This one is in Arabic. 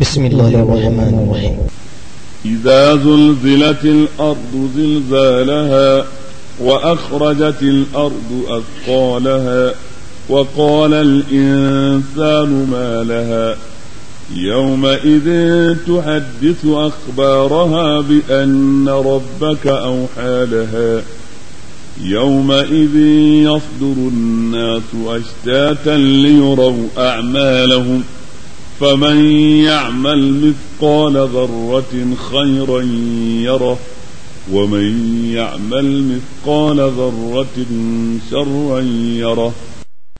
بسم الله الرحمن الرحيم إذا زلزلت الأرض زلزالها وأخرجت الأرض أثقالها وقال الإنسان ما لها يومئذ تحدث أخبارها بأن ربك أوحى لها يومئذ يصدر الناس أشتاتا ليروا أعمالهم ۖ فمن يعمل مثقال ذرة خيرا يره ومن يعمل مثقال ذرة شرا يره